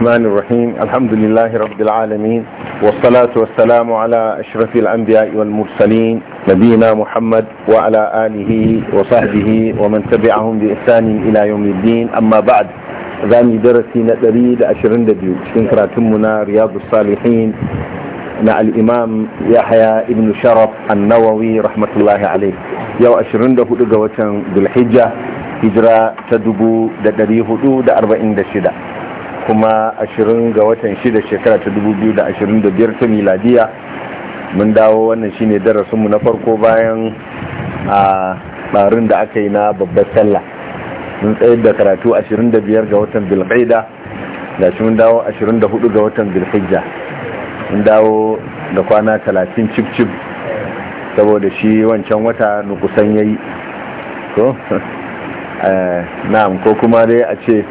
الرحمن الرحيم الحمد لله رب العالمين والصلاة والسلام على أشرف الأنبياء والمرسلين نبينا محمد وعلى آله وصحبه ومن تبعهم بإحسان إلى يوم الدين أما بعد ذاني درسي نتري لأشرين دبيو تمنا رياض الصالحين مع الإمام يحيى ابن شرف النووي رحمة الله عليه يو أشرين دفو دقوة بالحجة هجرة تدبو دا دريه دا أربعين دشدة kuma 20 ga watan 6 shekara ta 2025 ta miladiya mun dawo wannan shine darasinmu na farko bayan a barin da aka yi na babbar sallah mun tsayar da karatu 25 ga watan bilqaida da shi mun dawo 24 ga watan bilhijja mun dawo da kwana 30 cip cip saboda shi wancan wata nukusan yayi ko eh, na'am ko kuma dai a ce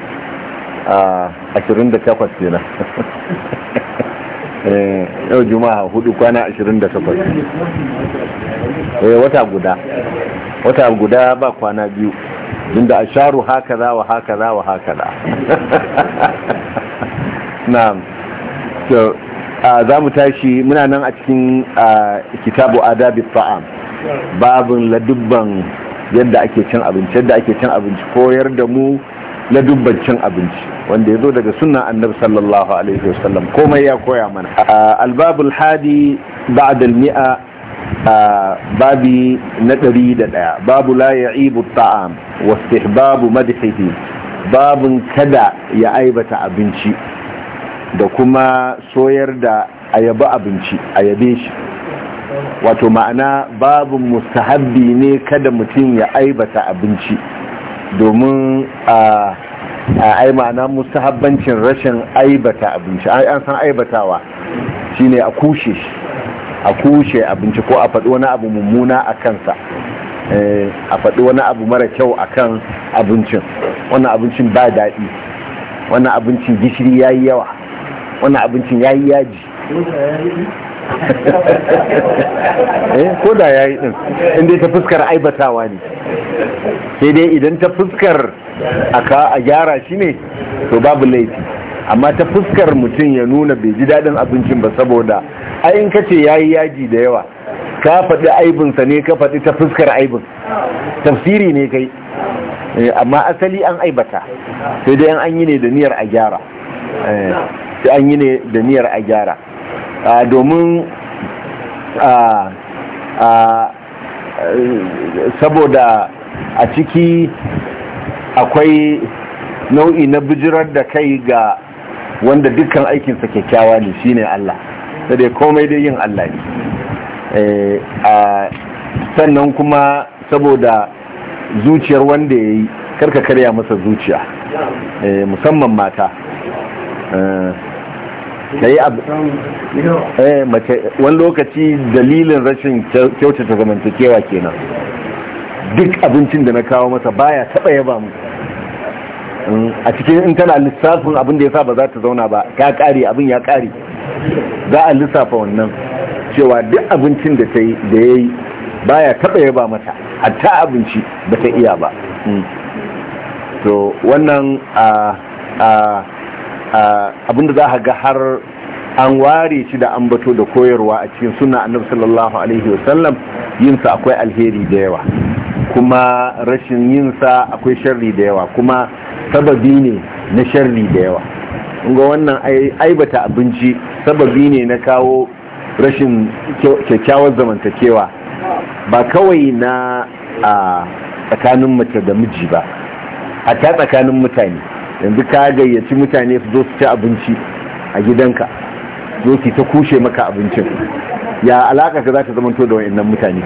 ashirin da takwas kenan eh, yau juma'a hudu kwana ashirin da takwas eh, wata guda wata guda ba kwana biyu inda asharu haka za wa haka za wa haka da. Na, so za mu tashi muna nan a cikin kitabu adabi fa'am babin ladubban yadda ake cin abinci yadda ake cin abinci koyar da mu na dubbancin abinci wanda ya zo daga sunan annabi sallallahu alaihi wasallam komai ya koya mana albabul hadi ba'da al-mi'a babi na ɗari da ɗaya babu la ya'ibu ta'am wa istihbabu madhihi babun kada ya aibata abinci da kuma soyar da ayaba abinci ayabe shi wato ma'ana babun mustahabbi ne kada mutum ya aibata abinci domin a ai ma'ana habbancin rashin aibata abinci an san aibatawa shine a kushe shi a kushe abinci ko a faɗi wani abu mummuna a kansa eh, a faɗi wani abu mara kyau a kan abincin wannan abincin ba daɗi wannan abincin gishiri ya yi yawa wannan abincin ya yi yaji eh ko da yayi din inda ta fuskar aibatawa ne sai dai idan ta fuskar aka a gyara shi ne to babu laifi amma ta fuskar mutum ya nuna bai ji daɗin abincin ba saboda ayin kace yayi yaji da yawa ka faɗi aibinsa ne ka faɗi ta fuskar aibin tafsiri ne kai eh, amma asali an aibata sai dai an yi ne da niyyar a gyara eh, an yi ne da niyyar a gyara domin saboda a ciki akwai nau'i na bijirar da kai ga wanda dukkan aikinsa kyakkyawa ne shine Allah sai dai komai dai yin Allah ne e, sannan kuma saboda zuciyar wanda ya yi karka karya masa zuciya e, musamman mata e, yi abu eh mace wani lokaci dalilin rashin kyautata zamantakewa kenan duk abincin da na kawo masa baya taba yaba mu mm, a cikin in tana lissafin abin da yasa ba za ta zauna ba ya kare abin ya kare za a lissafa wannan cewa duk abincin da ta yi da yayi baya taba yaba mata hatta abinci ba ta iya ba mm. to wannan a abinda za a ga har an ware shi da an bato da koyarwa a cikin suna annabi sallallahu alaihi wasallam yinsa akwai alheri da yawa kuma rashin yinsa akwai sharri da yawa kuma sababi ne na sharri da yawa ga wannan aibata abinci sababi ne na kawo rashin kyakkyawar zamantakewa ba kawai na tsakanin mace da miji ba a ta tsakanin mutane yanzu ka gayyaci mutane su zo su ci abinci a gidanka zo ki ta kushe maka abincin ya alaka ka za ta zamanto da wa'annan mutane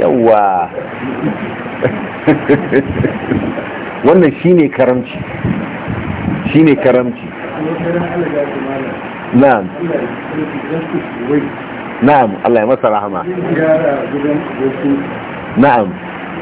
yawa wannan ne karamci ne karamci na'am na'am Allah ya masa rahama na'am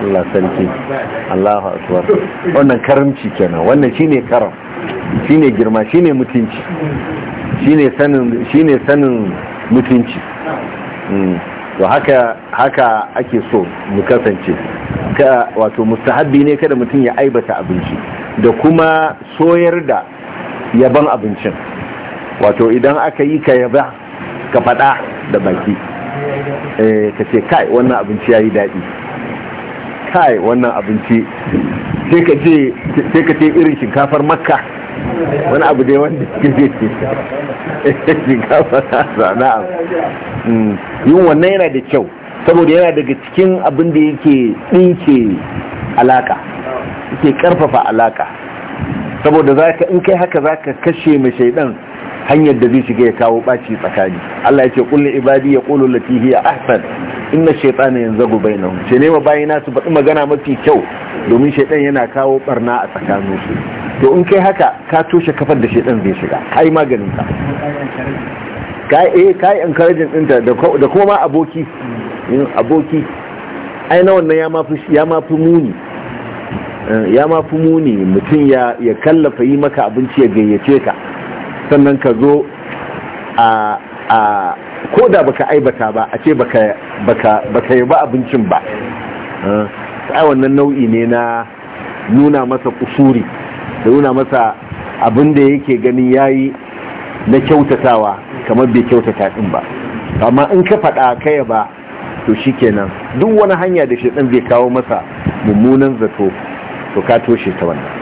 Allah sarki Allahu akbar wannan karamci kenan wannan shine karam shine girma shine mutunci shine sanin shine sanin mutunci mm. to haka haka ake so mu kasance ka wato mustahabbi ne kada mutum ya aibata abinci da kuma soyar da yaban abincin wato idan aka yi ka yaba ka fada da baki eh ka ce kai wannan abinci yayi daɗi kai wannan abinci sai ka ce irin shinkafar makka wani abu dai wanda ke shinkafar na'am mm. yin wannan yana da kyau saboda yana daga cikin abin da yake ɗinke alaka yake karfafa alaka saboda in kai haka zaka kashe mai shaidan hanyar da zai shiga ya kawo baci tsakani Allah ya ce kulli ibadi ya qulu lati hiya ahsan inna shaytana yanzagu bainahum ce ne na su faɗi magana mafi kyau domin shaytan yana kawo barna a tsakanin su to in kai haka ka toshe kafar da shaytan zai shiga kai maganin ka kai eh kai encouraging ta da kuma ma aboki aboki ai na wannan ya mafi ya mafi muni eh, ya mafi muni mutum ya kallafa yi maka abinci ya gayyace ka sannan ka zo a a ko da baka aibata ba a ce baka yi ba abincin ba eh, ai wannan nau'i ne na nuna masa kusuri da nuna masa abin da yake ganin yayi na kyautatawa kamar bai kyautata din ba amma in ka faɗa kaya ba to shi shikenan duk wani hanya da shi shedan zai kawo masa mummunan zato to ka toshe ta wannan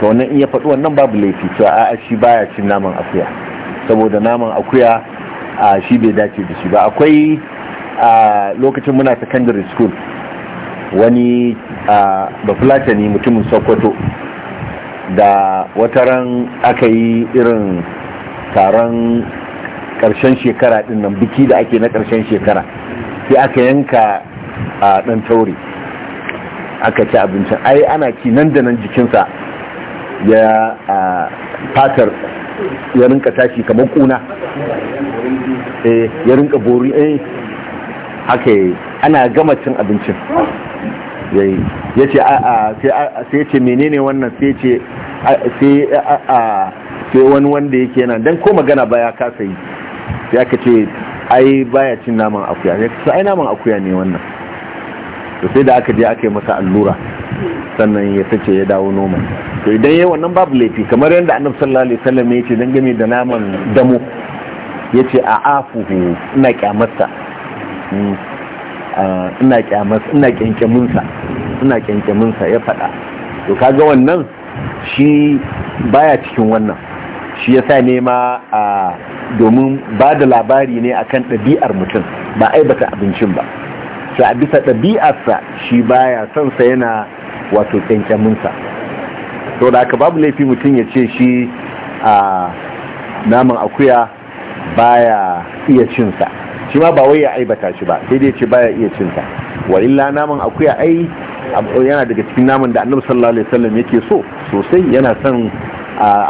to wannan in ya faɗi wannan babu laifi to a shi baya cin naman akuya saboda naman akuya a shi bai dace da shi ba akwai a lokacin muna secondary school wani a ne mutumin sokoto da wata ran aka yi irin taron karshen shekara din nan biki da ake na karshen shekara sai aka yanka a ɗan tauri aka ci abincin ai ana ci nan da nan jikinsa ya fatar ya rinka tashi kamar kuna eh, ya rinka bori eh haka yi ana gama cin abincin ya ce sai ce menene wannan sai ce sai wani wanda yake yana don ko magana baya kasa yi ya ka ce ai baya cin naman akuya ya kasa ai naman akuya ne wannan sai da aka je aka yi masa allura sannan ya sace ya dawo noman to idan yi wannan babu laifi kamar yadda annabi sallallahu alaihi wasallam yace dan game da naman damo yace a afuhu ina kyamarsa hmm. ina kyankyaminsa ina kyankyamin ya fada to kaga wannan shi baya cikin wannan shi yasa ne ma a domin ba da labari ne akan ɗabi'ar mutum ba aibata abincin ba sai a bisa ɗabi'arsa shi baya son sa yana wato kyankyamin da aka babu laifi mutum ya ce shi a naman akuya baya iya cinsa shi ma ba wai ya aibata shi ba sai dai ce baya iya cinsa wa illa naman akuya ai yana daga cikin naman da annabi sallallahu alaihi wasallam yake so sosai yana son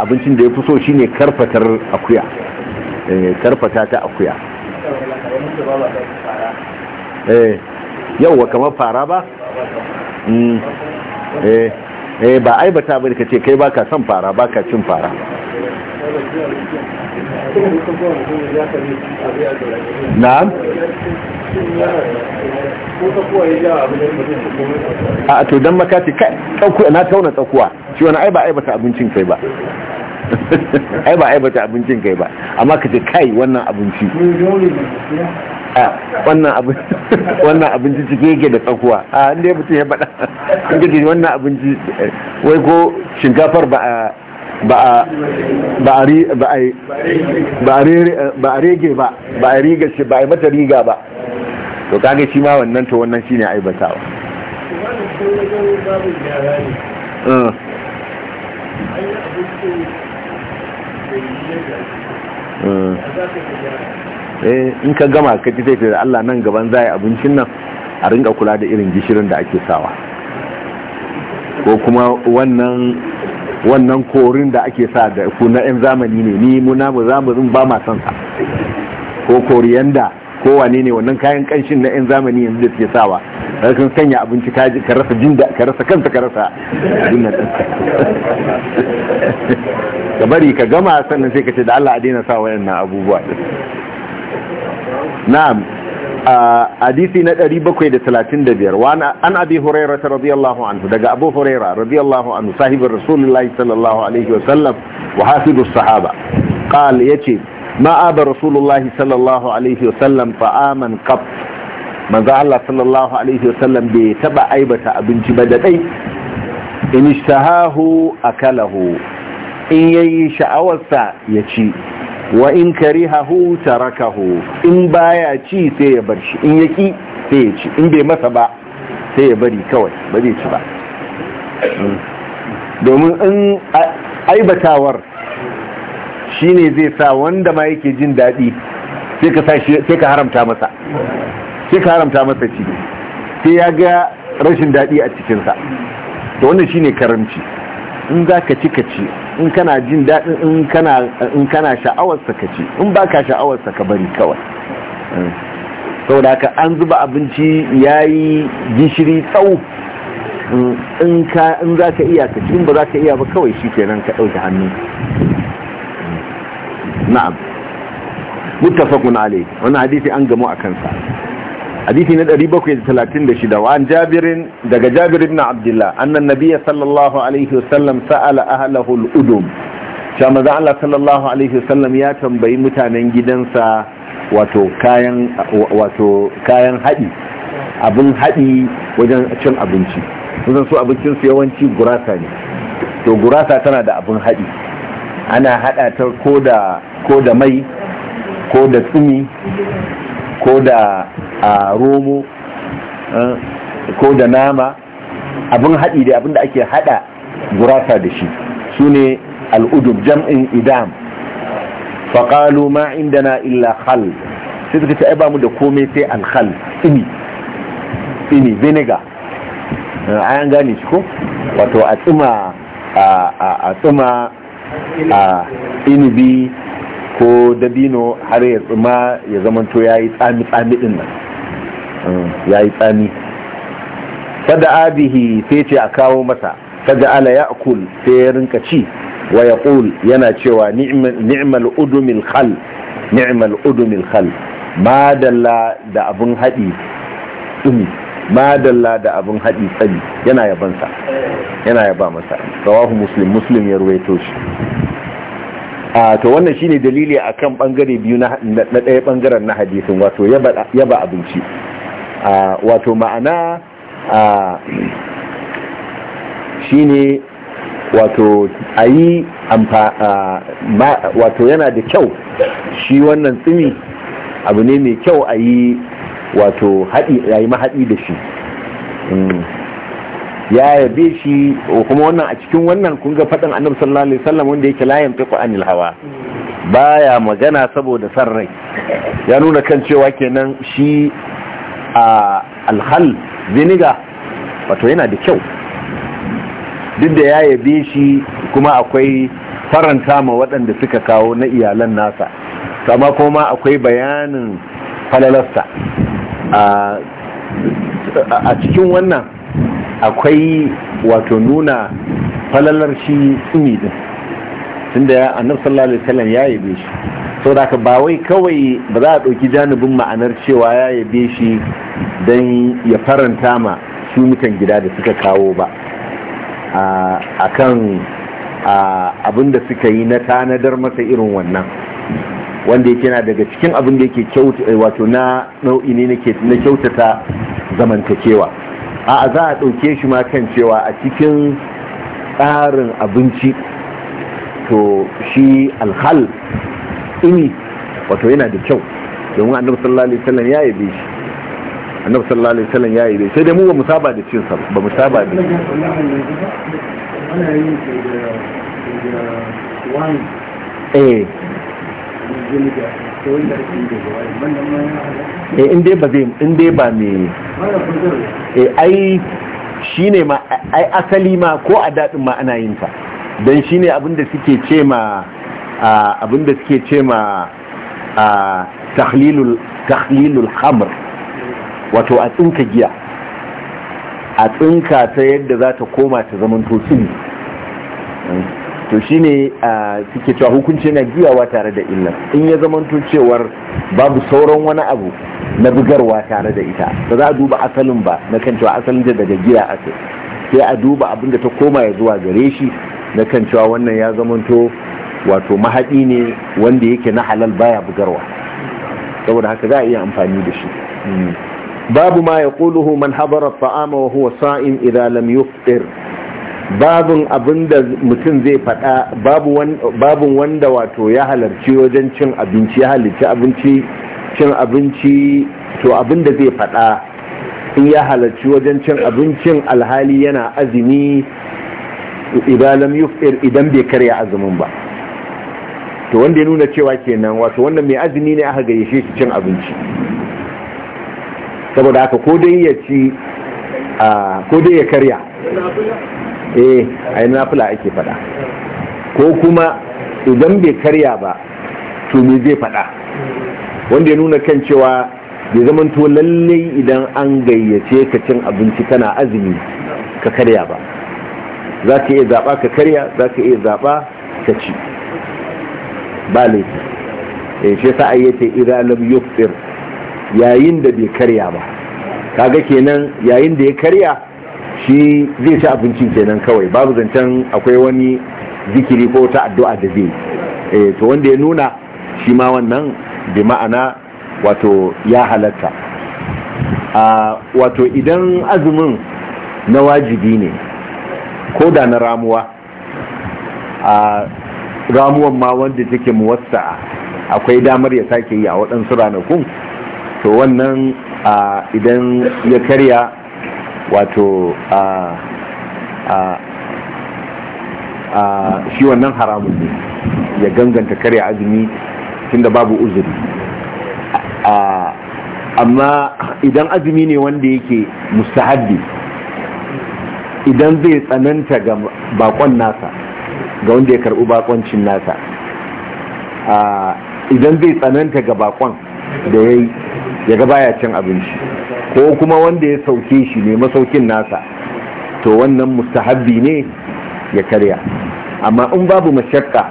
abincin da ya fi so shine karfatar akuya eh, karfata ta akuya eh wa kamar fara ba hmm. eh. eh ba aibata ka ce kai ba ka son fara ba ka cin fara na'am a to dan makati kai na tauna tsakuwa shi wani ai ba aibata abincin kai ba ai ba aibata abincin kai ba amma ce kai wannan abinci wannan abin wannan abinci cike yake da tsakuwa a inda ya mutum ya bada inda wannan abinci wai ko shinkafar ba a ba a rege ba ba a riga ce ba a mata riga ba to kage shi ma wannan to wannan shine aibatawa Mm. mm. Eh, in ka gama ka ci sai da Allah nan gaban za yi abincin nan a ringa kula da irin gishirin da ake sawa ko kuma wannan wannan korin da ake sa da ku na 'yan zamani ne ni mu namu zamanin ba ma son sa ko koriyanda ko wane ne wannan kayan kanshin na 'yan zamani yanzu da suke sawa da sun sanya abinci ka rasa jin da ka rasa kansa ka rasa dunnan ka bari ka gama sannan sai ka ce da Allah a daina sa wayannan abubuwa na'am hadisi na 735 wani an abi huraira ta radiyallahu anhu daga abu huraira radiyallahu anhu sahibin rasulullahi sallallahu alaihi wasallam wa hasibu sahaba qal yace ma aba rasulullahi sallallahu alaihi wasallam ta'aman qat manzo Allah sallallahu alaihi wasallam bai taɓa aibata abinci ba da dai in ishtahahu akalahu in yayi sha'awarsa ya ci wa in karihahu tarakahu in baya ci sai ya bar shi in yaki sai ya ci in bai masa ba sai ya bari kawai ba zai ci ba domin in aibatawar shi ne zai sa wanda ma yake jin daɗi sai ka haramta masa sai ka haramta masa ci sai ya ga rashin daɗi a cikinsa da wannan shi ne karamci in za ka ci ka ci in kana jin daɗin in kana in sha'awar in baka sha'awar ka bari kawai eh. da ka an zuba abinci yayi gishiri tsawo eh, in ka iya ka in ba kawai iya ba kawai ka ɗauki hannu eh. na'am muttafaqun alai Wani hadisi an gamo a kansa. hadisi na 736 wa an jabirin daga jabir ibn abdullah annan nabiyya sallallahu alaihi wasallam sa'ala ahlahu al-udum sha manzo Allah ya tambayi mutanen gidansa wato kayan haɗi, kayan hadi wajen cin abinci sun so abincin yawanci gurasa ne to gurasa tana da abin haɗi. ana haɗa ta ko da mai ko da tsumi ko da romo ko da nama abin haɗi da abin da ake haɗa gurasa da shi su ne al'udub jam'in idam faƙalu ma inda na illa hal sai suka ta'aiba ba mu da komai sai alhal ini ini vinegar yan gane shi ko wato a tsima a tsima a inibi ko dabino har ya tsuma ya to ya yi tsami-tsami din nan mm, ya yi tsami fada abihi sai ce a kawo masa fada ala ya akul sai ya rinka ci wa ya kul yana cewa ni'mal udumil khal ni'mal udumil khal dalla da abun haɗi tsumi dalla da abin haɗi tsami yana yabansa yana yaba masa rawahu muslim muslim ya ruwaito shi a to wannan shine dalili akan bangare biyu na ɗaya bangaren na hadisin wato yaba abinci wato ma'ana shine wato ayi wato yana da kyau shi wannan tsimi abu ne mai kyau a yi wato haɗi a yi da shi mm. ya yabe shi kuma wannan a cikin wannan kun ga faɗin annabi sallallahu alaihi wasallam wanda yake layin fi qur'anil hawa baya magana saboda san rai ya nuna kan cewa kenan shi a alhal ziniga wato yana da kyau duk da ya yabe shi kuma akwai faranta ma waɗanda suka kawo na iyalan nasa amma kuma akwai bayanin falalarsa a cikin wannan akwai wato nuna falalar shi tsumi din tunda annabi sallallahu alaihi wasallam ya yabe shi sau da ba wai kawai ba za a ɗauki janibin ma'anar cewa ya yabe shi dan ya faranta ma su mutan gida da suka kawo ba a kan abin da suka yi na tanadar masa irin wannan wanda yake na daga cikin abin da yake wato na nau'i ne na kyautata zamantakewa a za a ɗauke shi ma kan cewa a cikin tsarin abinci to shi alhal ini wato yana da kyau domin annabi sallallahu alaihi wasallam ya yabe shi annabi sallallahu alaihi wasallam ya yabe sai dai mu ba mu saba da cin sa ba mu saba da eh E in dai ba zai in dai ba me eh ai ne ma ai asali ma ko a daɗin ma ana yin ta dan shine abinda suke ce ma abinda suke ce ma tahlilul tahlilul khamr wato a tsinka giya a tsinka ta yadda za ta koma ta zamanto tsini to shi ne a suke cewa hukunci yana juyawa tare da illar in ya zama cewar babu sauran wani abu na bugarwa tare da ita ba za a duba asalin ba na kan cewa asalin da daga giya ake sai a duba abin da ta koma ya zuwa gare shi na kan cewa wannan ya zamanto wato mahaɗi ne wanda yake na halal baya bugarwa saboda haka za a iya amfani da shi hmm. babu ma ya man habara ta'ama wa huwa sa'im idan lam babin abin da mutum zai faɗa babin wanda wato ya halarci wajen cin abinci ya halarci abinci cin abinci to abin da zai faɗa in ya halarci wajen cin abincin alhali yana azumi idan bai karya azumin ba to wanda ya nuna cewa kenan wato wannan mai azumi ne aka gayyace shi cin abinci saboda haka ko dai ya ci ko dai ya karya eh a yi nafila ake faɗa ko kuma idan bai karya ba to me zai faɗa wanda ya nuna kan cewa bai zamanto lallai idan an gayyace ka cin abinci kana azumi ka karya ba za ka iya zaɓa ka karya za ka iya zaɓa ka ci ba laifi eh, ya ce sa ayyata lam yufir yayin da bai karya ba kaga kenan yayin da ya karya shi zai ci abincin kenan kawai babu zancen akwai wani zikiri ko ta addu'a da zai E, to wanda ya nuna shi ma wannan bi ma'ana wato ya halatta a wato idan azumin na wajibi ne ko da na ramuwa a ramuwan ma wanda take muwassa'a akwai damar ya sake yi a waɗansu ranakun to wannan idan ya karya wato a shi wannan haramun ne ya ganganta karya azumi tunda babu uzuri amma idan azumi ne wanda yake mustahabbi idan zai tsananta ga bakon nasa ga wanda ya karbi bakoncin nasa idan zai tsananta ga bakon da ya yi ya ga cin abinci ko kuma wanda ya sauke shi ne masaukin nasa to wannan mustahabbi ne ya karya amma in babu mashakka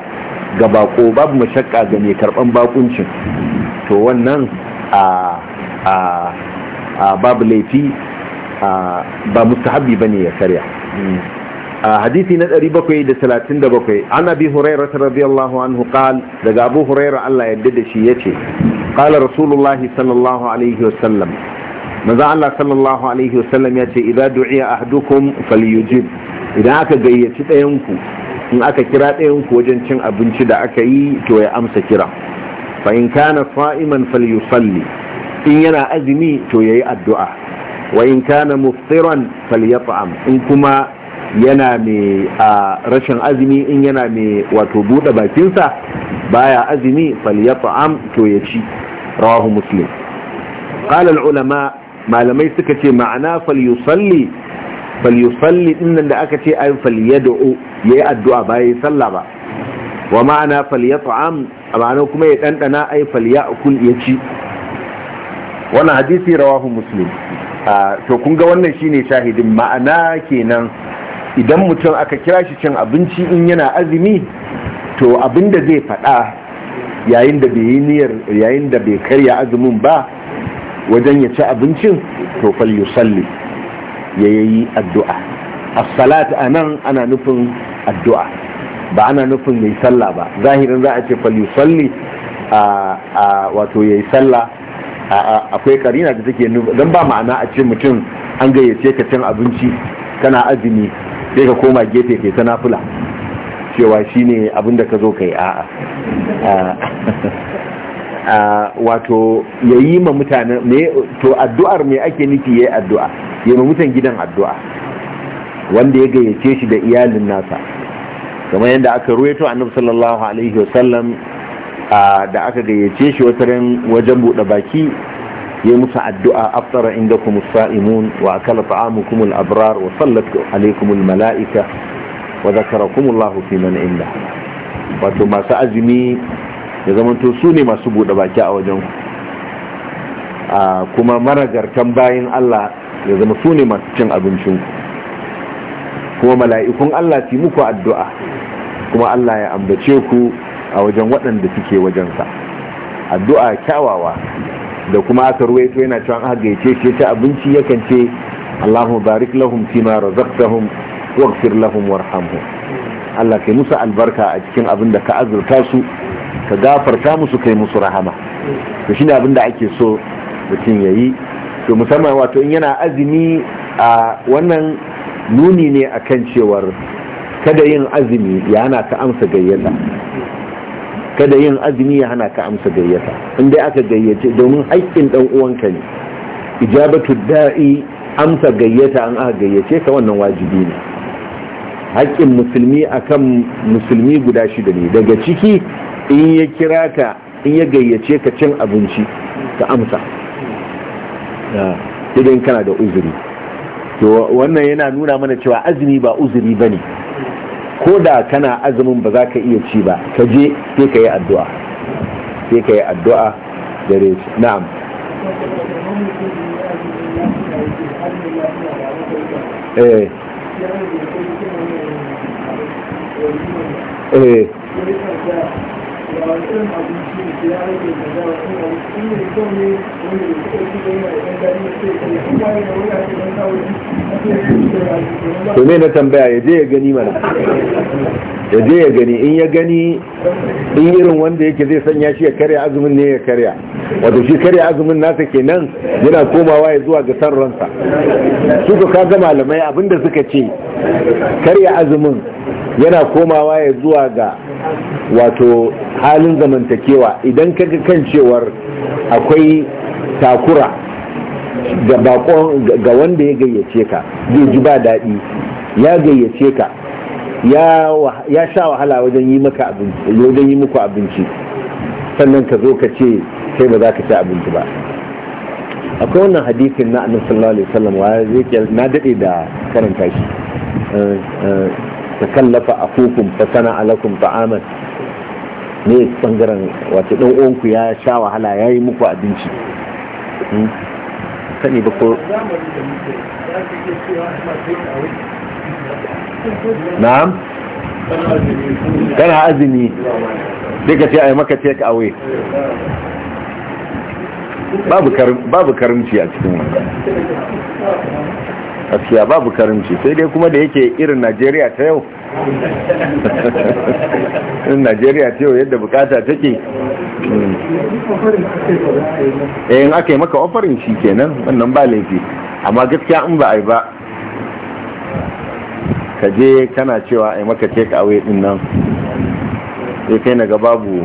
ga bako babu mashakka ga mai karban bakuncin to wannan a a a babu laifi a ba mustahabbi bane ya karya hadisi na 737 an abi hurairah radiyallahu anhu qal daga abu huraira Allah yadda da shi yace qala rasulullahi sallallahu alaihi wasallam maza Allah sallallahu alaihi wasallam ya ce idza du'iya ahdukum falyujib idan aka gayyaci ɗayan ku in aka kira ɗayan ku wajen cin abinci da aka yi to ya amsa kira fa in kana sa'iman falyusalli in yana azumi to yayi addu'a wa in kana muftiran falyat'am in kuma yana mai a rashin azumi in yana mai wato buɗe bakinsa baya azumi falyat'am to ya ci rawahu muslim قال العلماء malamai suka ce ma'ana falyusalli falyusalli dinnan da aka ce ay falyad'u yayi addu'a ba yayi sallah ba wa ma'ana falyat'am ma'ana kuma ya dandana ay falyakul yaci wannan hadisi rawahu muslim to kun ga wannan shine shahidin ma'ana kenan idan mutum aka kira shi cin abinci in yana azumi to abinda zai faɗa yayin da bai yi niyyar yayin da bai karya azumin ba wajen ya ci abincin to fal yusalli ya yi addu'a as-salat anan ana nufin addu'a ba ana nufin yayi sallah ba zahirin za a ce fal yusalli a wato yayi sallah akwai karina da take don ba ma'ana a ce mutum an gayyace ka cin abinci kana azumi sai ka koma gefe kai ta nafila cewa shine abin da ka zo kai a'a wato ya yi ma mutane to addu'ar mai ake nufi ya yi addu'a ya ma mutan gidan addu'a wanda ya gayyace shi da iyalin nasa kamar yadda aka a annabi sallallahu alaihi wasallam da aka gayyace shi wata ran wajen buɗe baki ya musu addu'a aftara inda kuma sa'imun wa akala ta'amukum al-abrar wa sallat alaikum al-mala'ika wa zakarakum fi man inda wato masu azumi ya zamanto su ne masu buɗe baki a wajen ku kuma maragartan bayan Allah ya zama su ne masu cin abincin ku kuma mala'ikun Allah su muku addu'a kuma Allah ya ambace ku a wajen waɗanda suke wajensa addu'a kyawawa da kuma aka ruwaito yana cewa aka gaice ce ta abinci yakan ce allahu barik lahum fima razaqtahum waghfir lahum warhamhum Allah kai musu albarka a cikin abin da ka azurta su ka gafarta musu kai musu rahama to shine abin da ake so mutum yayi to musamman wato in yana azumi a wannan nuni ne akan cewar kada yin azumi ya hana ka amsa gayyata kada yin azumi ya hana ka amsa gayyata in dai aka gayyace domin haƙƙin dan uwanka ne ijabatu da'i amsa gayyata an aka gayyace ka wannan wajibi ne haƙƙin musulmi akan musulmi guda shida ne daga ciki in ya kira ka in ya gayyace ka cin abinci ka amsa idan kana da uzuri to wannan yana nuna mana cewa azumi ba uzuri ba ne ko da kana azumin ba za ka iya ci ba ka je sai ka yi addu'a sai ka yi addu'a dare na'am eh, eh. to me na tambaya ya je ya gani mana ya je ya gani in ya gani in irin wanda yake zai sanya shi ya karya azumin ne ya karya wato shi karya azumin nasa kenan yana komawa ya zuwa ga san ransa su ka ga malamai abinda suka ce karya azumin yana komawa ya zuwa ga wato halin zamantakewa idan kaga kan cewar akwai takura ga bakon ga wanda ya gayyace ka zai ji ba daɗi ya gayyace ka ya sha wahala wajen yi maka abinci wajen yi muku abinci sannan ka zo ka ce sai ba za ka ci abinci ba akwai wannan hadisin na annabi sallallahu alaihi wasallam wa na dade da karanta shi eh, eh, takallafa akukum fa sana alakum ta'aman ne bangaren wace dan uwanku ya sha wahala ya yi muku abinci hmm? sani ba ko na'am kana azumi duka ce a yi maka take away babu karimci a cikin wannan gaskiya babu karimci sai dai kuma da yake irin najeriya ta yau irin najeriya ta yau yadda bukata take yayin hmm. eh, aka yi maka ofarin shi kenan wannan ba laifi amma gaskiya in ba a yi ba ka je kana cewa a yi maka take away din nan sai kai na babu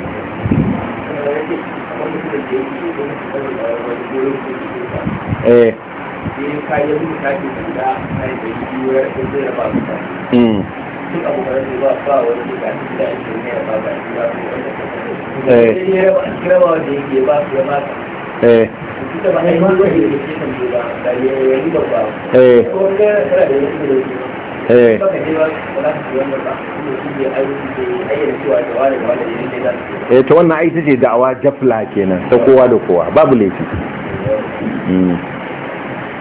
eh ka yi zuwa guda yi biyu ya zai raba su ta hmm. duk ba ba wani da da ake ne ya ba ba su wanda kasance ya raba wanda yake ba su ya ke da da Eh, to wannan aiki ce da'awa jafla kenan ta kowa da kowa babu laifi. Hmm.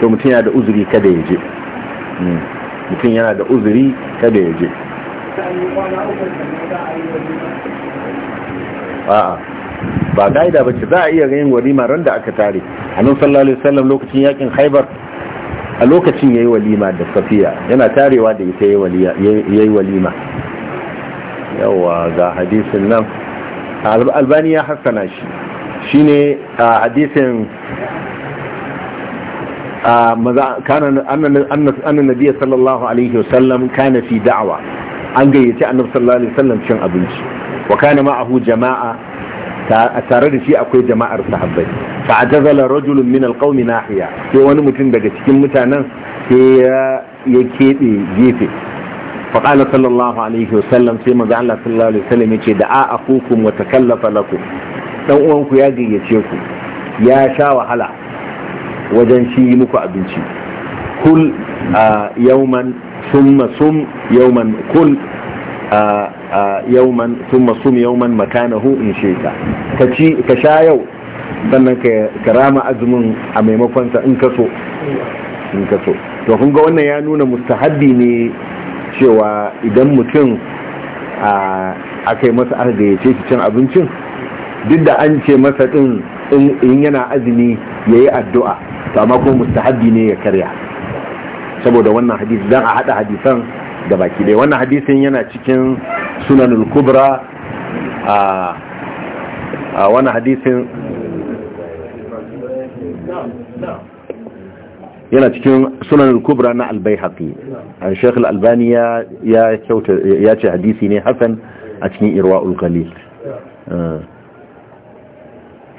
to mutum yana da uzuri kada ya je hmm. mutum yana da uzuri kada ya je a'a ba ka'ida ba ce za a iya yin walima ran da aka tare a nan sallallahu alaihi wasallam lokacin yakin haibar a lokacin yayi walima da safiya yana tarewa da ita yayi walima yawa ga hadisin nan albani ya hassana shi shine a hadisin kana annan nabiya sallallahu alaihi wasallam kana fi da'awa an gayyace annabi sallallahu alaihi wasallam cin abinci wa kana ma'ahu jama'a tare da shi akwai jama'ar sahabbai fa ajazala rajulun min alqawmi nahiya sai wani mutum daga cikin mutanen sai ya kebe gefe fa qala sallallahu alaihi wasallam sai manzo Allah sallallahu alaihi wasallam yace da a akukum wa takallafa lakum dan uwanku ya gayyace ku ya sha wahala wajen shi yi muku abinci kul yauman summa sum yauman kul yauman summa sum yauman makanahu in sheka ka sha yau sannan ka rama azumin a maimakon sa in kaso. in kaso to kun ga wannan ya nuna mustahabbi ne cewa idan mutum a aka yi masa aka ce shi cin abincin duk da an ce masa din in yana azumi ya yi addu'a to amma kuma mustahabbi ne ya karya saboda wannan hadis don a haɗa hadisan da baki ɗaya wannan hadisin yana cikin sunanul kubra a wannan hadisin yana cikin sunan kubra na albai haƙi an shekul albani ya ce hadisi ne Hassan a cikin irwa ulkalil eh.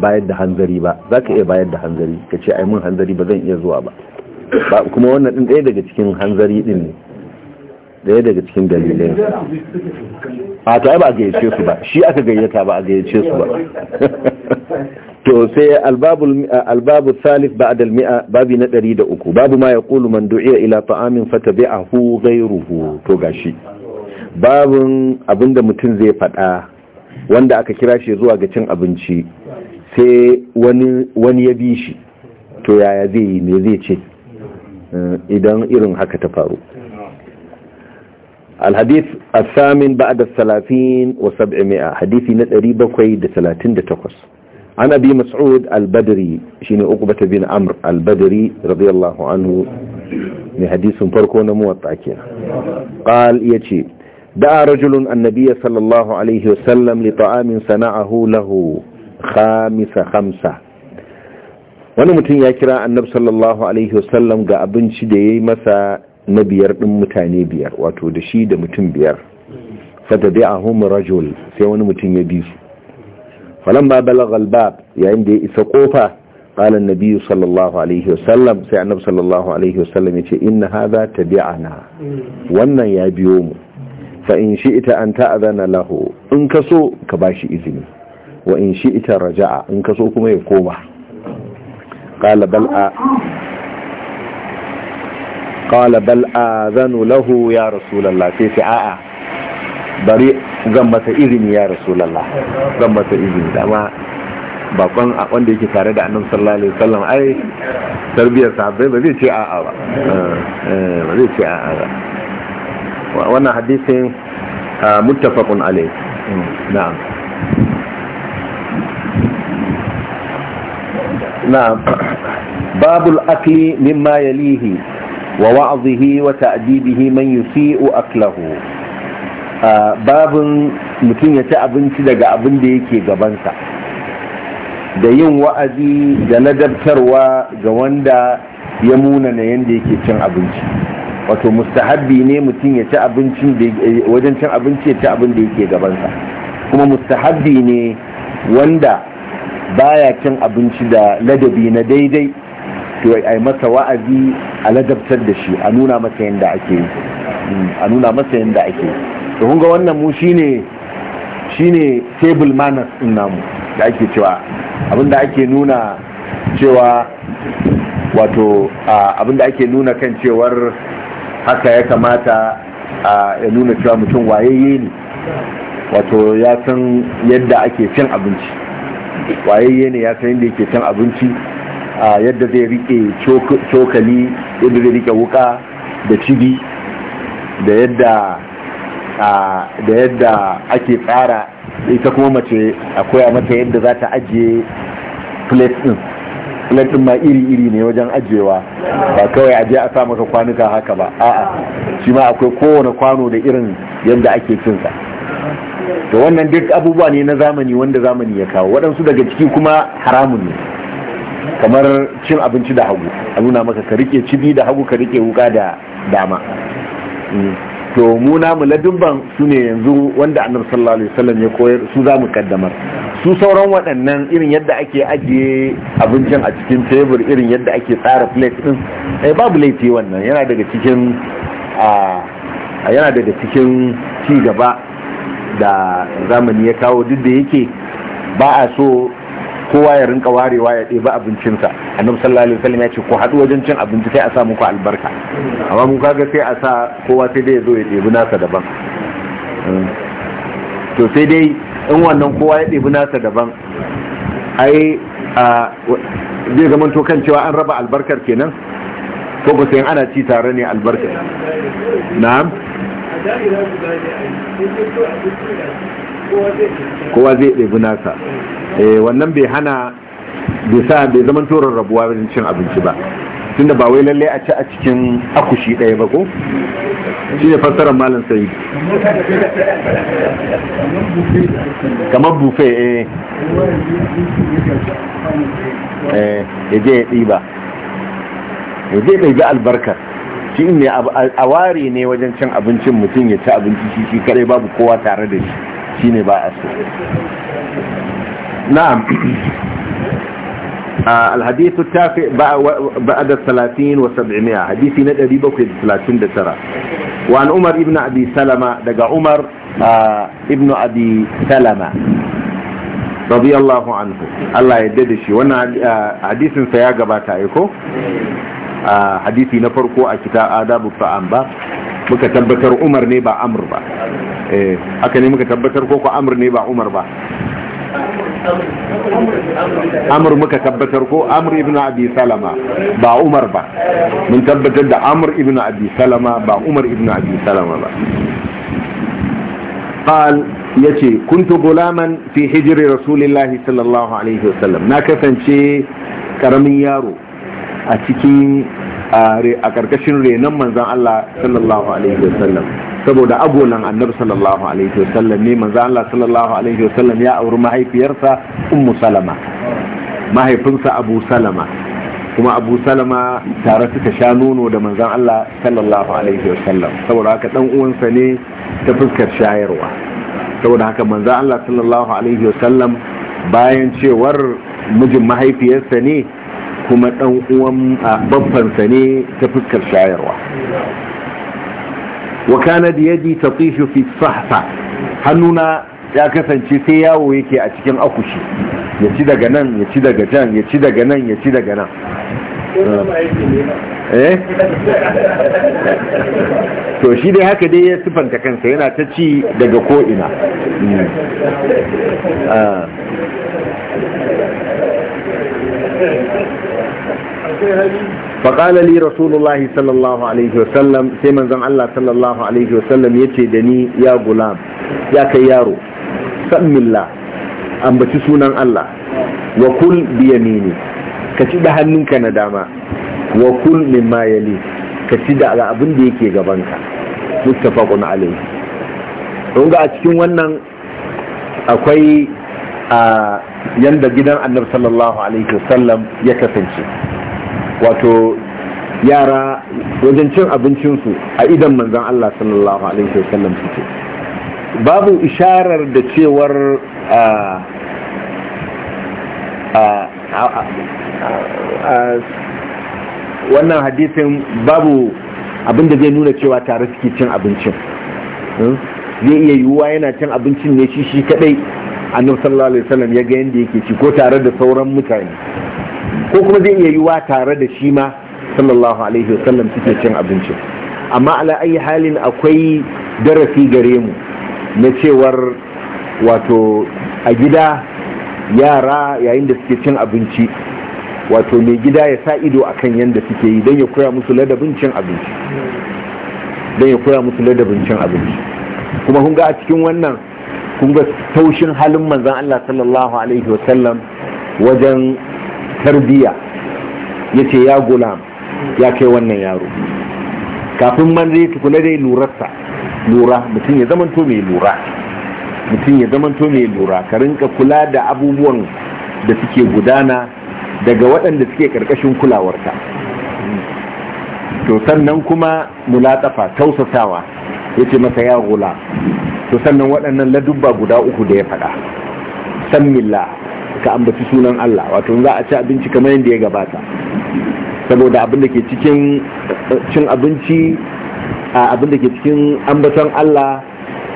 bayar da hanzari ba za ka iya bayar da hanzari ka ce ai mun hanzari ba zan iya zuwa ba kuma wannan ɗin ɗaya daga cikin hanzari ɗin ne ɗaya daga cikin dalilai a ta ba a gayyace su ba shi aka gayyata ba a gayyace su ba to sai albabu salif ba adal mi'a babi na ɗari da uku babu ma ya kulu man du'iya ila ta'amin fata bai a hu gairuhu to gashi babin abinda mutum zai faɗa wanda aka kira shi zuwa ga cin abinci sai wani ya bi shi to yaya zai yi ne zai ce idan irin haka ta faru الحديث الثامن بعد الثلاثين وسبعمائة حديث نتري بقوي دا ثلاثين دا تقص عن أبي مسعود البدري شيني أقبة بن عمر البدري رضي الله عنه من حديث فرقون موطع كينا قال يتي دعا رجل النبي صلى الله عليه وسلم لطعام صنعه له khamisa khamsa wani mutum ya kira Annabi sallallahu alaihi wasallam ga abinci da ya yi masa na biyar ɗin mutane biyar wato da shi da mutum biyar fata bi a homer rajul sai wani mutum ya bi su falon ma balagal bab yayin da ya isa kofa ƙalan nabi sallallahu alaihi wasallam sai annab sallallahu alaihi wasallam ya ce inna haza tabi'ana wannan ya biyo mu fa in shi ita an ta'azana lahu in ka so ka bashi izini wa in shi ita raja'a in ka so kuma ya koma qala bal a qala bal azanu lahu ya rasulullah sai sai a'a bari zan masa izini ya rasulullah zan masa izini dama bakon a wanda yake tare da annabi sallallahu alaihi wasallam ai tarbiyar sahabbai ba zai ce a'a ba eh, eh, ba zai ce a'a ba wannan hadisin ah, muttafaqun alaihi hmm, na'am na'am babul ma ya lihi wa wa'azihi wa ta'dibihi man yusi'u aklahu babin mutum ya ci abinci daga abin da yake gabansa da yin wa'azi da ladabtarwa ga wanda ya munana yadda yake cin abinci wato mustahabbi ne mutum ya ci abincin wajen cin abinci ya ci abin da yake gabansa kuma mustahabbi ne wanda baya cin abinci da ladabi na daidai to ai masa wa'azi a ladabtar da shi a nuna masa yadda ake yi hmm, a nuna masa yadda ake yi to kun ga wannan mu shine shine table manners din namu da ake cewa abinda ake nuna cewa wato abinda ake nuna kan cewar haka ya kamata ya nuna cewa mutum wayayye ne wato ya san yadda ake cin abinci wayayye ne ya san yadda yake cin abinci yadda zai rike cokali yadda zai rike wuka da cibi da yadda da yadda ake tsara ita kuma mace akwai a mata yadda za ta ajiye plate din ma iri-iri ne wajen ajiyewa ba kawai aje a sa maka kwanuka haka ba a'a shi ma akwai kowane kwano da irin yadda ake cinsa da wannan duk abubuwa ne na zamani wanda zamani ya kawo waɗansu daga ciki kuma haramun ne kamar cin abinci da hagu a nuna maka ka rike cibi da hagu ka rike wuka da dama mm. to mu namu ladubban su ne yanzu wanda annabi sallallahu alaihi wasallam ya koyar su za mu kaddamar su sauran waɗannan irin yadda ake ajiye abincin a cikin tebur irin yadda ake tsara plate din eh babu laifi wannan yana daga cikin a ah, yana daga cikin ci gaba da zamani ya kawo duk da yake ba a so kowa ya rinka warewa ya ɗeba abincinsa annabi sallallahu alaihi wasallam ya ce ko haɗu wajen cin abinci sai a sa muku albarka amma mun kaga sai a sa kowa sai dai ya zo ya ɗebi nasa daban hmm. to sai dai in wannan kowa ya ɗebi nasa daban ai zai zama to kan cewa an raba albarkar kenan ko ba sai ana ci tare ne albarkar na'am kowa zai ɗebi nasa eh, wannan bai hana bai sa bai zama turar rabuwa wajen cin abinci ba tunda ba wai lalle a ci a cikin akushi ɗaya ba ko shi ne fassarar malam sai kamar bufe eh eh ya je ya ɗiba ya je ɗaibi albarkar shi ne a ware ne wajen cin abincin mutum ya ci abinci shi shi kare babu kowa tare da shi shi ne ba a so na'am alhadisu ta fi ba'a da salatin wa sab'imiya hadisi na bakwai da da salatin tara. wa'an umar ibn abi salama daga umar ibn abi salama Yallahu anhu Allah ya dade shi wannan hadisin sa ya gabata aiko a hadisi na farko a kita adabu fa'am ba muka tabbatar umar ne ba Amur ba eh haka ne muka tabbatar ko Amur ne ba umar ba Amur muka tabbatar ko Amur ibn abi salama ba umar ba mun tabbatar da Amur ibn abi salama ba umar ibn abi salama ba قال يتي كنت غلاما fi حجر رسول الله صلى الله عليه وسلم نا كسانشي كرمي يارو a cikin a karkashin renon manzan Allah sallallahu alaihi wasallam saboda agolan annabi sallallahu alaihi wasallam ne manzan Allah sallallahu alaihi wasallam ya auri mahaifiyarsa ummu salama mahaifinsa abu salama kuma abu salama tare suka sha nono da manzan Allah sallallahu alaihi wasallam saboda haka dan uwansa ne ta fuskar shayarwa saboda haka manzan Allah sallallahu alaihi wasallam bayan cewar mijin mahaifiyarsa ne kuma ɗan uwan babbansa ne ta fuskar shayarwa wa kana da yadi ta fi sahfa hannuna ya kasance sai yawo yake a cikin akushi ya ci daga nan ya ci daga jan ya ci daga nan ya ci daga nan eh? to shi dai haka dai ya sifanta kansa yana ta ci daga ko'ina ah. Faƙalali li sallallahu alaihi wasallam sai manzan Allah sallallahu alaihi wasallam ya ce da ni ya gulam ya kai yaro sammilla ambaci sunan Allah wa kul biyamini ka da hannunka na dama wa kul mimma yali da abinda da yake gabanka muttafaqun alaihi don ga a cikin wannan akwai a yanda gidan annabi sallallahu alaihi wasallam ya kasance wato yara wajen cin abincinsu a idan manzan Allah sallallahu alaihi wasallam suke babu isharar da cewar wannan hadisin babu abinda zai nuna cewa tare suke cin abincin hmm? zai iya yiwuwa yana cin abincin ne shi shi kadai annabi sallallahu alaihi wasallam ya ga yanda yake ci ko tare da sauran mutane ko kuma zai iya yiwa tare da shi ma sallallahu alaihi wasallam suke cin abincin amma ala ayi halin akwai darasi gare mu na cewar wato a gida yara yayin da suke cin abinci wato mai gida ya sa ido a kan yadda suke yi don ya koya musu ladabin cin abinci don ya koya musu ladabin cin abinci kuma kun ga a cikin wannan kun ga taushin halin manzan Allah sallallahu alaihi wasallam wajen tarbiya ya ce ya gulam ya kai wannan yaro kafin man zai tukuna dai lurarsa lura mutum ya zamanto mai lura mutum ya zamanto mai lura ka rinka kula da abubuwan da suke gudana daga waɗanda suke ƙarƙashin kulawarta. to sannan kuma mulatafa tausasawa ya ce masa ya gula to sannan waɗannan ladubba guda uku da ya faɗa san ka ambaci sunan Allah wato za a ci abinci kamar yadda ya gabata saboda abin da ke cikin cin abinci abin da ke cikin ambaton Allah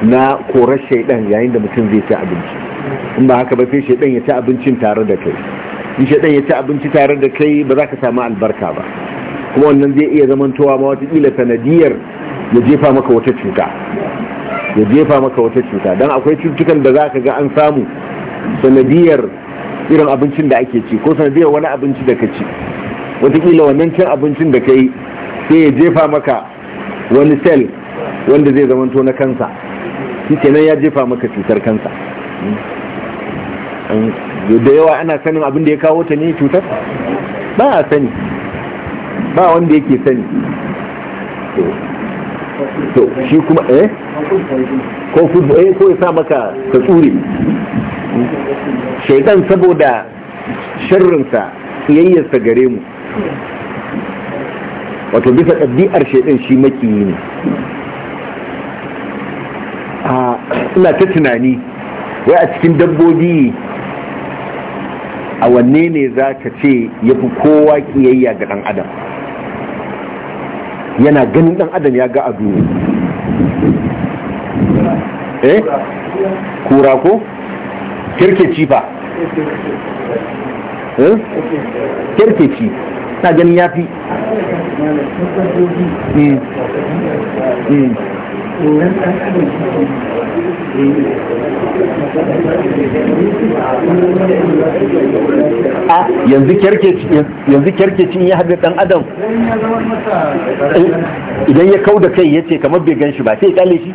na korar shaidan yayin da mutum zai ci abinci in ba haka ba sai shaidan ya ci abincin tare da kai in shaidan ya ci abinci tare da kai ba za ka samu albarka ba kuma wannan zai iya zamantowa ma watakila sanadiyar ya jefa maka wata cuta ya jefa maka wata cuta don akwai cutukan da za ka ga an samu sanadiyar irin abincin da ake ci ko sanadiyar wani abinci da ka ci watakila wannan cin abincin da ka yi sai ya jefa maka wani sel wanda zai zamanto na kansa shi kenan ya jefa maka cutar kansa da yawa ana sanin abin da ya kawo ta ne cutar ba a sani ba wanda yake sani to shi kuma eh ko eh, ko ya sa maka ka tsure shaidan saboda sharrinsa yayyarsa gare mu wato bisa ɗabi'ar shaidan shi makiyi ne a ina ta tunani wai a cikin dabbobi a wanne ne za ka ce ya fi kowa kiyayya ga ɗan adam yana ganin ɗan adam ya ga a duniya eh kura ko kirkeci fa eh? kirkeci na ganin ya fi hmm. hmm. a ah, yanzu kyarkecin ya haɗe ɗan adam eh, idan ya kau da kai ya ce kamar bai gan shi ba sai ya shi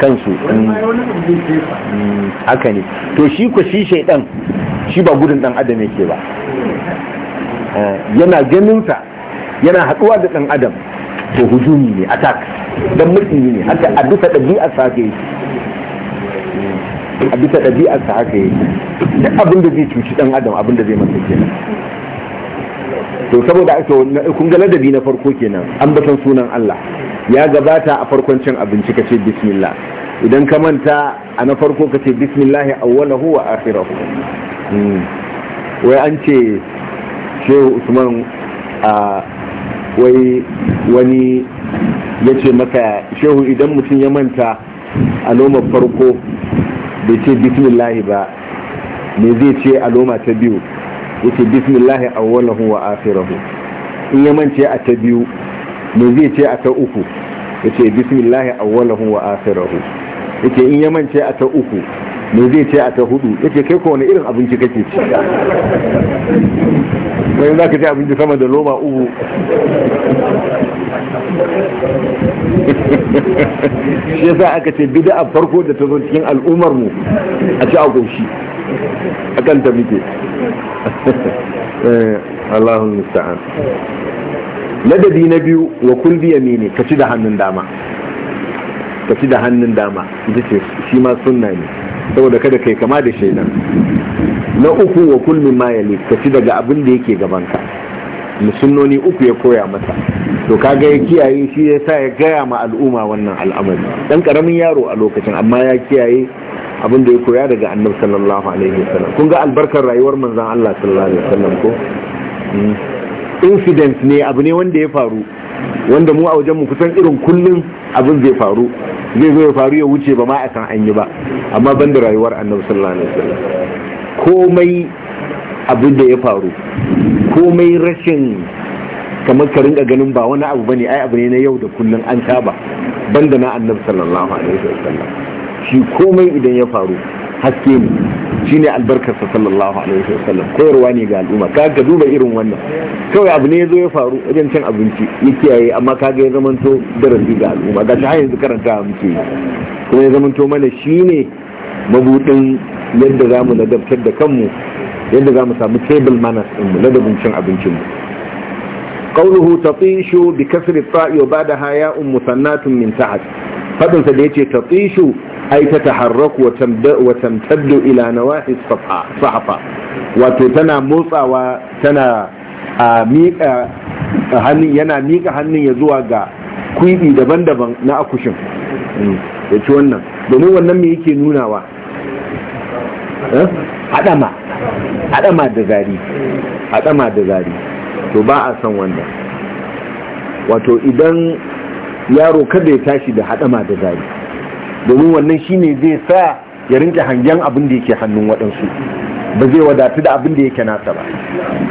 kansu mm. Mm, haka ne to shi ku shi shaidan shi ba gudun dan adam yake ba eh, yana ganinsa yana haɗuwa da dan adam to hujumi ne attack dan mutsi ne haka a duka ɗabi'ar sa haka yake mm, a bisa ɗabi'ar sa haka yake duk abin da zai cuci dan adam abin da zai masa kenan to saboda aka kun ga ladabi na farko kenan an batan sunan Allah ya gabata a farkon cin abinci ka ce bismillah idan ka manta a na farko ka ce bismillah awwalahu wa akhirahu hmm. wai an ce shehu usman a wai wani ya ce maka shehu idan mutum ya manta a noma farko bai ce bismillahi ba me zai ce a noma ta biyu ya ce bismillahi awwalahu wa akhirahu in ya mance a ta biyu me zai ce a ta uku ya ce bismillahi awwalahu wa akhirahu ya ce in ce a ta uku me zai ce a ta hudu ya ce kai kowane irin abinci kake ci wani za ka ci abinci sama da loma uku shi yasa aka ce bid'a farko da ta zo cikin al'ummar mu a ci a goshi kan ta muke eh, Allahun musta'an ladabi na biyu wa kulbi ya mene ka ci da hannun dama ka ci da hannun dama ita ce shi ma sunna ne saboda kada kai kama da shaidan na uku wa kulmi ma ya ka ci daga abin da yake gaban ka musulmoni uku ya koya masa to kaga ya kiyaye shi ya sa ya gaya ma al'umma wannan al'amari dan karamin yaro a lokacin amma ya kiyaye abin da ya koya daga annabi sallallahu alaihi wasallam kun ga albarkar rayuwar manzon Allah sallallahu alaihi wasallam ko hmm. incident ne abu ne wanda ya faru wanda mu a wajenmu kusan irin kullum abin zai faru zai zo ya faru ya wuce ba ma a san an yi ba amma ban da rayuwar annabi sallallahu alaihi wasallam komai abin da ya faru komai rashin kamar ka rinka ganin ba wani abu bane ai abu ne na yau da kullum an saba banda na annabi sallallahu alaihi wasallam shi komai idan ya faru haske ne shine albarkarsa sallallahu alaihi wasallam koyarwa ne ga al'umma ka ga duba irin wannan kawai abu ne yazo ya faru wajen cin abinci ya kiyaye amma ka ga ya zamanto darasi ga al'umma ga ta yanzu karanta muke kuma ya zamanto mana shine mabudin yadda za mu ladabtar da kanmu yadda za mu samu table manners din mu ladabin cin abincin mu qawluhu tatishu bi kasri ta'i wa ba'daha ya'un musannatun min ta'at fadinsa da ya ce ta tsinsu ai ta taharraku wa tamtaddu ila nawahi safa wato tana motsawa tana hannun yana miƙa hannun ya zuwa ga kuɗi daban-daban na akushin ya ci wannan domin wannan me yake nunawa haɗama haɗama da zari haɗama da zari to ba a san wannan wato idan yaro kada ya tashi da haɗama da zai domin wannan shine zai sa ya rinke hangen abin da yake hannun waɗansu ba zai wadatu da abin da yake nasa ba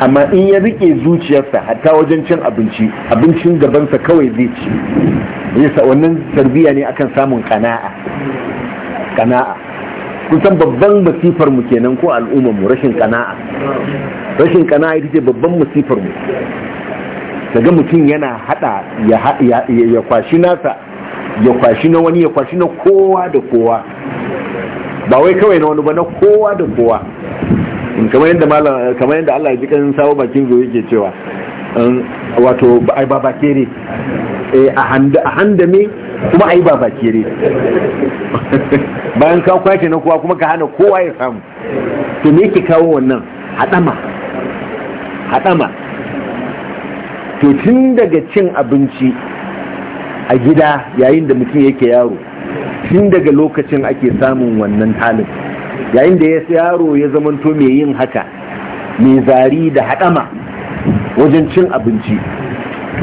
amma in ya rike zuciyarsa hatta wajen cin abinci abincin gabansa kawai zai ci yasa wannan tarbiyya ne akan samun kana'a kana'a kusan babban masifar mu kenan ko al'ummar mu rashin kana'a rashin kana'a ita ce babban masifar mu kaga mutum yana hada ya kwashi nasa ya kwashi na wani ya kwashi na kowa da kowa ba wai kawai na wani ba na kowa da kowa kamar yadda malam kamar yadda Allah ya ji kan sabo bakin zo yake cewa wato ai baba bakere eh, a handa a handa me kuma ai baba bakere bayan ka kwashe na kowa kuma ka hana kowa ya samu to me yake kawo wannan hadama hadama to tun daga cin abinci a gida yayin da mutum yake yaro tun daga lokacin ake samun wannan halin yayin da ya yaro ya zamanto mai yin haka mai zari da haɗama wajen cin abinci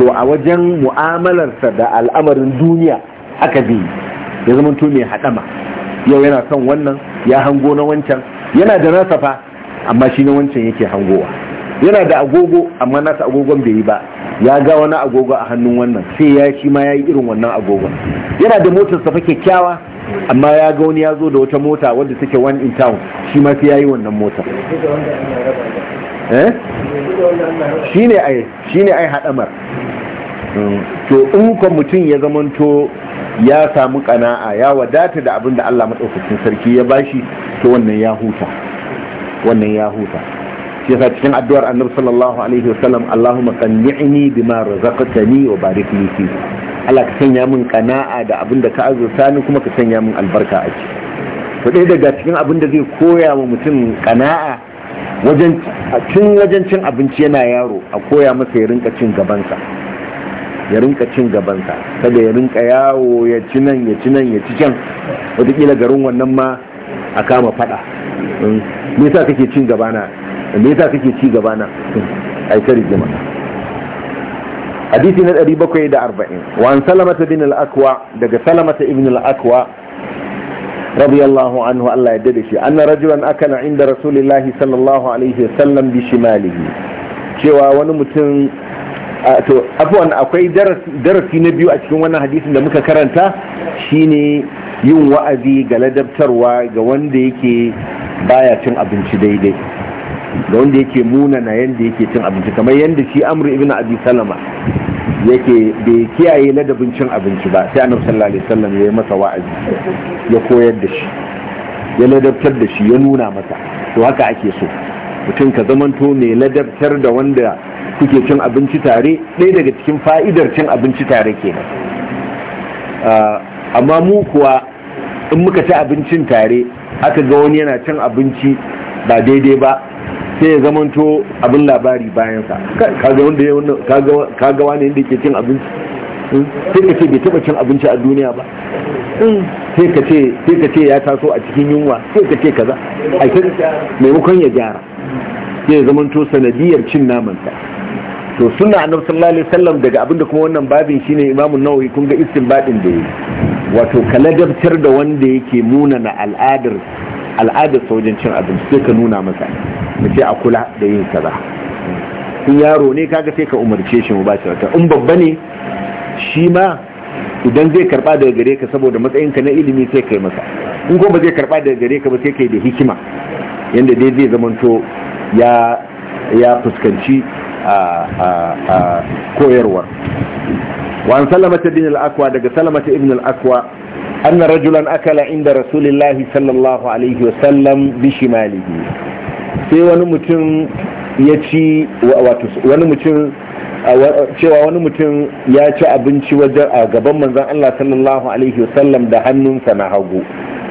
to a wajen mu'amalarsa da al'amarin duniya aka zai ya zamanto mai haɗama yau yana son wannan ya hango na wancan yana da nasa fa amma shi na wancan yake hangowa yana da agogo amma nasa agogon bai yi ba ya ga wani agogo a hannun wannan sai ya shi ma ya yi irin wannan agogon yana da motar safa kyakkyawa amma ya ga wani ya zo da wata mota wadda take one in town shi ma sai ya yi wannan motar eh? shi ne ai shi ne ai haɗamar mm. to in ko mutum ya zamanto ya samu kana'a ya wadata da abin da Allah maɗaukakin sarki ya bashi to wannan ya huta wannan ya huta shi yasa cikin addu'ar annabi sallallahu alaihi wasallam Allahumma qanni'ni bima razaqtani wa barik li fi Allah ka sanya min kana'a da abin da ka azurta ni kuma ka sanya min albarka a ciki to dai daga cikin abin da zai koya wa mutum kana'a wajen tun wajen cin abinci yana yaro a koya masa ya rinka cin gabansa ya rinka cin gabansa kada ya rinka yawo ya ci nan ya ci nan ya ci can kila garin wannan ma a kama fada hmm. me yasa kake cin gabana ya ta kake ci gaba na aikar jima hadisi na 740 wa an salamata bin al'akwa daga salamata ibn al'akwa akwa radiyallahu anhu Allah ya dade shi anna rajulan akala inda rasulillahi sallallahu alaihi sallam bi shimalihi cewa wani mutum to afwan akwai darasi na biyu a cikin wannan hadisin da muka karanta shine yin wa'azi ga ladabtarwa ga wanda yake baya cin abinci daidai da wanda yake muna na yadda yake cin abinci kamar yadda shi amr ibn abi salama yake bai kiyaye ladabin cin abinci ba sai annabi sallallahu alaihi wasallam ya yi masa wa'azi ya koyar da shi ya ladabtar da shi ya nuna masa to haka ake so mutum ka zamanto mai ladabtar da wanda kuke cin abinci tare ɗaya daga cikin fa'idar cin abinci tare kenan ah, amma mu kuwa in muka ci abincin tare aka ga wani yana cin abinci ba daidai ba sai ya zamanto abin labari bayansa kaga wanda ya wannan kaga wani inda ke cin abinci hmm? sai ka ce bai taba cin abinci a duniya ba hmm? sai ka ce sai ya taso a cikin yunwa sai ka ce kaza a kin maimakon ya gyara sai ya zamanto sanadiyar cin namanta to sunna annabi sallallahu alaihi wasallam daga abinda kuma wannan babin shine imamu nawawi kun ga istinbadin da yake wato kaladabtar da wanda yake munana al'adar al'adarsa wajen cin abinci sai ka nuna masa da ce a kula da yin kaza in yaro ne kaga sai ka umarce shi mu ba wata in babba ne shi ma idan zai karba daga gare ka saboda matsayinka na ilimi sai kai masa in ko zai karba daga gare ka ba sai kai da hikima yanda dai zai zamanto ya ya fuskanci a koyarwar wa an ta bin al aqwa daga ta ibn al-akwa أن رجلا أكل عند رسول الله صلى الله عليه وسلم بشماله sai wani mutum ya ci wani mutum cewa wani mutum ya ci abinci wajen a gaban manzon Allah sallallahu alaihi wasallam da hannunsa na hagu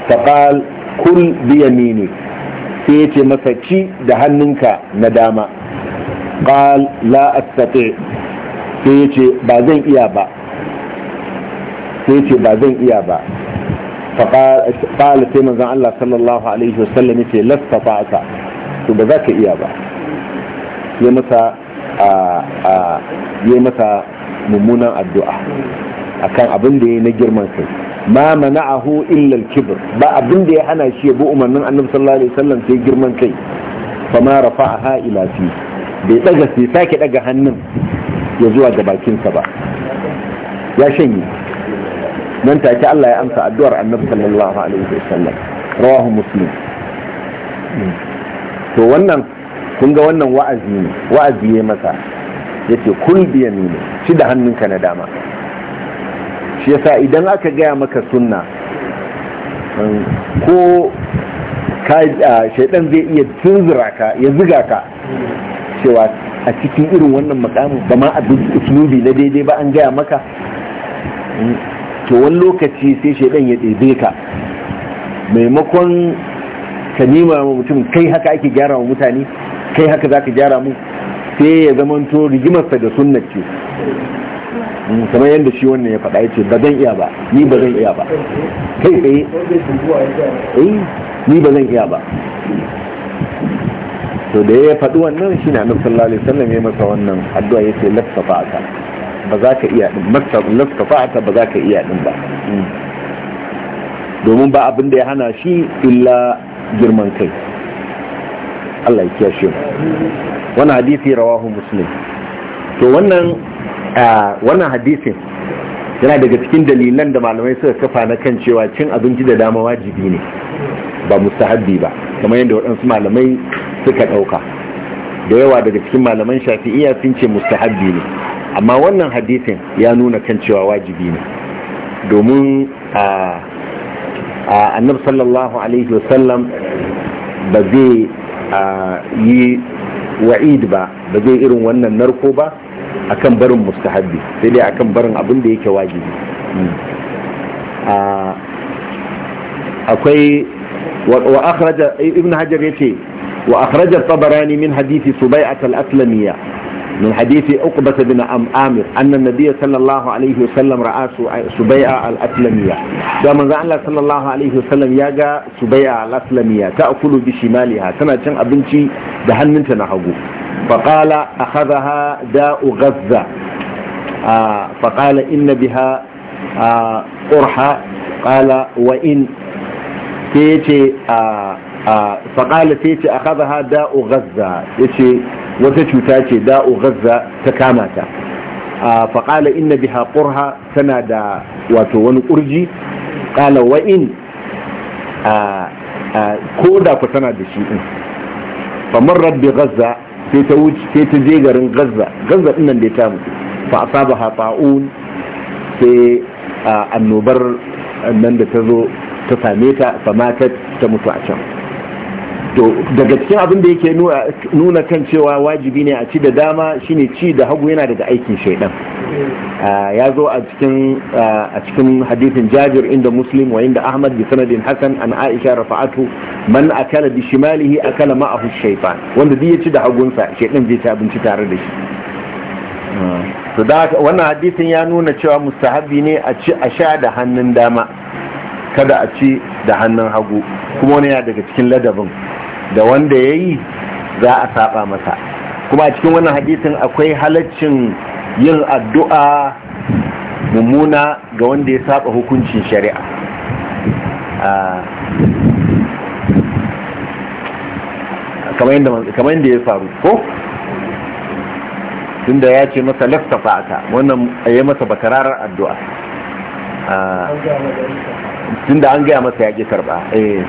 faqal kul bi yamini sai ya ce masa ci da hannunka na dama qal la astati sai ya ce ba zan iya ba sai ce ba zan iya ba faƙala sai manzan Allah sallallahu alaihi wasallam ya ce lasta fa'ata to ba za ka iya ba ya masa ya masa mummunan addu'a akan abin da ya na girman kai ma mana'ahu illa al-kibr ba abin da ya hana shi ya bi umarnin annabi sallallahu alaihi wasallam sai girman kai ma rafa'aha ila fi bai daga sai sake daga hannun ya zuwa ga bakinsa ba ya shanye nan take Allah ya amsa addu'ar annabi sallallahu alaihi wasallam rawahu muslim to wannan kun ga wannan wa'azi ne wa'azi ya masa yace kul bi yamini shi da hannunka na dama shi yasa idan aka gaya maka sunna ko ka shaidan zai iya tunzura ka ya ziga ka cewa a cikin irin wannan makamin ba ma abin usulubi na daidai ba an gaya maka to wani lokaci sai shaidan ya ɗebe ka maimakon ka nima wa mutum kai haka ake gyara wa mutane kai haka za ka gyara mu sai ya to rigimarsa da sunnar ce mm, kamar yadda shi wannan ya faɗa ya ce ba zan iya ba ni ba zan iya ba kai tsaye eh ni ba zan iya ba to da ya faɗi wannan shi na nufin lalai sallam ya masa wannan addu'a ya ce lafsafa a ba za ka iya din fa'ata ba za ka iya din ba domin ba abin da ya hana shi illa girman kai Allah ya kiyashe mu wannan hadisi rawahu muslim to wannan wannan hadisin yana daga cikin dalilan da malamai suka kafa na kan cewa cin abinci da dama wajibi ne ba mustahabbi ba kamar yadda waɗansu malamai suka ɗauka da yawa daga cikin malaman shafi'iyya sun ce mustahabbi ne amma wannan hadisin ya nuna kan cewa wajibi ne domin a annab sallallahu alaihi wasallam ba zai yi wa'id ba ba zai irin wannan narko ba akan barin mustahabbi sai dai akan barin abin da yake wajibi akwai wa akhraja ibn hajar yace wa akhraja tabarani min hadisi subai'at al-aslamiyya من حديث أقبة بن أم آمر أن النبي صلى الله عليه وسلم رأى سبيعة الأسلمية دام الله صلى الله عليه وسلم يجا سبيعة الأسلمية تأكل بشمالها سنة كان بنتي دهن من تنحبو فقال أخذها داء غزة آه فقال إن بها آه قرحة قال وإن تيتي آه faƙala sai ce a kaza ha da'u gazza ya ce wata cuta ce da'u gazza ta kamata ta faƙala inna biha qurha tana da wato wani ƙurji ƙala wa'in ko da ku tana da shi fa famar rabbi gazza sai ta wuce sai ta je garin gazza gazza ɗin nan da ta mutu fa asaba ha sai annobar nan da ta zo ta same ta famatar ta mutu a can to daga cikin abin da yake nuna kan cewa wajibi ne a ci da dama shine ci da hagu yana daga aikin shaidan hmm. ah, ya zo a cikin ah, a cikin hadisin jabir inda muslim wa inda ahmad bi sanadin hasan an aisha rafa'atu man akala bi shimalihi akala ma'ahu shaytan wanda duk ci da hagunsa shaidan zai ci abinci tare da shi ah, to da wannan hadisin ya nuna cewa mustahabi ne a ci a sha da hannun dama kada a ci da hannun hagu kuma wani yana daga cikin ladabin da wanda ya yi za a saba masa kuma a cikin wannan hadisin akwai halaccin yin addu'a mummuna ga wanda ya saba hukuncin shari'a ah, kamar yadda ya faru ko da ya ce masa lafta fa'ata wannan ya masa bakararar addu'a ah, da an gaya masa ya ƙi karɓa eh.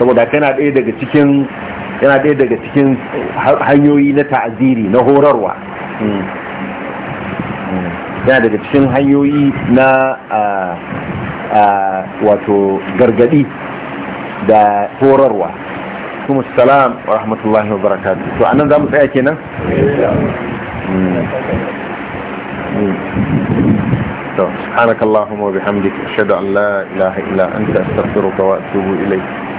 saboda kana ɗaya daga cikin yana ɗaya daga cikin hanyoyi na ta'aziri na horarwa yana daga cikin hanyoyi na wato gargaɗi da horarwa kuma salam wa rahmatullahi wa barakatu to anan za mu tsaya kenan سبحانك اللهم وبحمدك اشهد ان لا اله الا انت استغفرك واتوب اليك